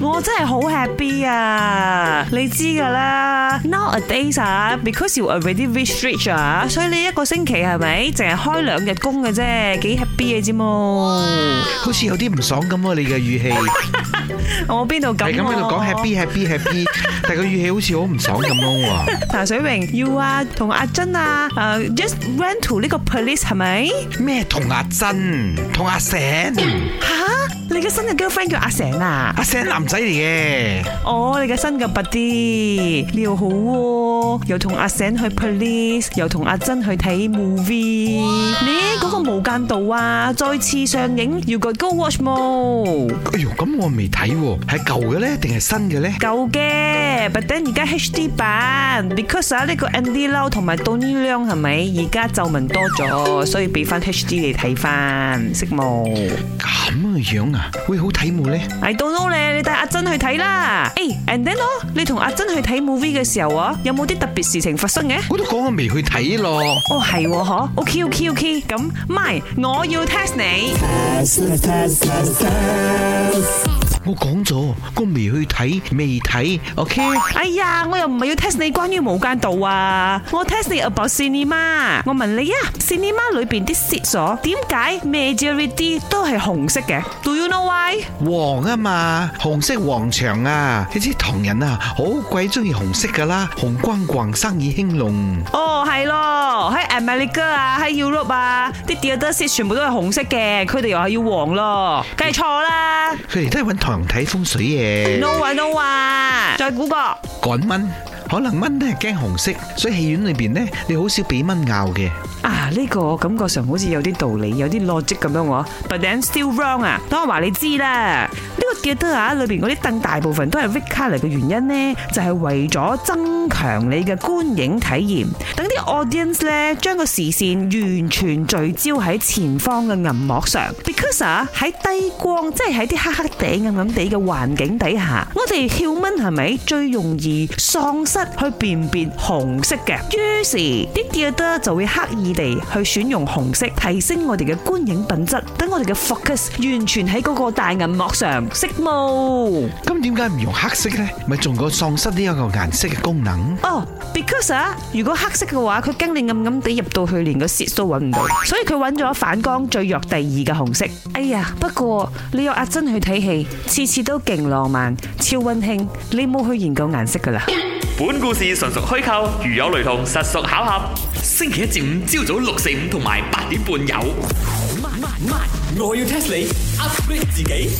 .我真係好 happy 啊，你知㗎啦，Not a day sir，because you already reach 啊，達達，所以你一個星期係咪淨係開兩日工嘅啫，幾 happy 嘅啫。冇？好似有啲唔爽咁喎，你嘅語氣、啊。我邊度咁？係咁喺度講 happy happy happy，但個語氣好似好唔爽咁喎。但水榮，you 啊同阿珍啊，誒，just run to 呢個 police 係咪？咩同阿珍同阿成？吓？ 你嘅新嘅 girlfriend 叫阿成啊，阿成男仔嚟嘅。哦，你嘅新嘅 buddy，你又好喎、啊，又同阿成去 police，又同阿珍去睇 movie。無間道啊，再次上映，要唔要 go watch 冇？哎喲，咁我未睇喎，係舊嘅咧定係新嘅咧？舊嘅，but then 而家 HD 版，because 啊呢個 Andy Lau 同埋 Tony Leung 係咪？而家皺紋多咗，所以俾翻 HD 你睇翻，識冇？咁嘅樣啊，會好睇冇咧？I don't know 咧，你帶阿珍去睇啦。誒，and then，你同阿珍去睇 movie 嘅時候啊，有冇啲特別事情發生嘅？我都講我未去睇咯。哦係，嗬，ok ok ok，咁。我要 test 你。我講咗，我未去睇，未睇，OK？哎呀，我又唔係要 test 你關於無間道啊！我 test 你 about cinema 嘛？我問你啊 cinema 裏邊啲廁所點解 majority 都係紅色嘅？Do you know why？黃啊嘛，紅色旺場啊！你知唐人啊，好鬼中意紅色噶啦，紅光光，生意興隆。哦，係咯，美利哥啊，喺 Europe 啊，啲吊燈色全部都係紅色嘅，佢哋又係要黃咯，梗係錯啦，佢哋都係揾唐睇風水嘅，no 啊 no 啊，再估個，趕蚊。可能蚊都係驚紅色，所以戲院裏邊咧，你好少俾蚊咬嘅。啊，呢個感覺上好似有啲道理，有啲邏輯咁樣喎。But then still wrong 啊！等我話你知啦，呢個記得啊，裏邊嗰啲凳大部分都係 Vicka 嚟嘅，原因咧，就係為咗增強你嘅觀影體驗，等啲 audience 咧將個視線完全聚焦喺前方嘅銀幕上。Because 啊，喺低光，即係喺啲黑黑地、暗暗地嘅環境底下，我哋跳蚊係咪最容易喪失？去辨別紅色嘅，於是啲吉得就會刻意地去選用紅色，提升我哋嘅觀影品質。等我哋嘅 focus 完全喺嗰個大銀幕上。色霧，咁點解唔用黑色呢？咪仲個喪失呢一個顏色嘅功能？哦，because 如果黑色嘅話，佢驚你暗暗地入到去，連個 seat 都揾唔到。所以佢揾咗反光最弱第二嘅紅色。哎呀，不過你約阿珍去睇戲，次次都勁浪漫，超溫馨。你冇去研究顏色噶啦。本故事純屬虛構，如有雷同，實屬巧合。星期一至五朝早六四五同埋八點半有。Oh, my, my, my. 我要 test 你 upgrade 自己。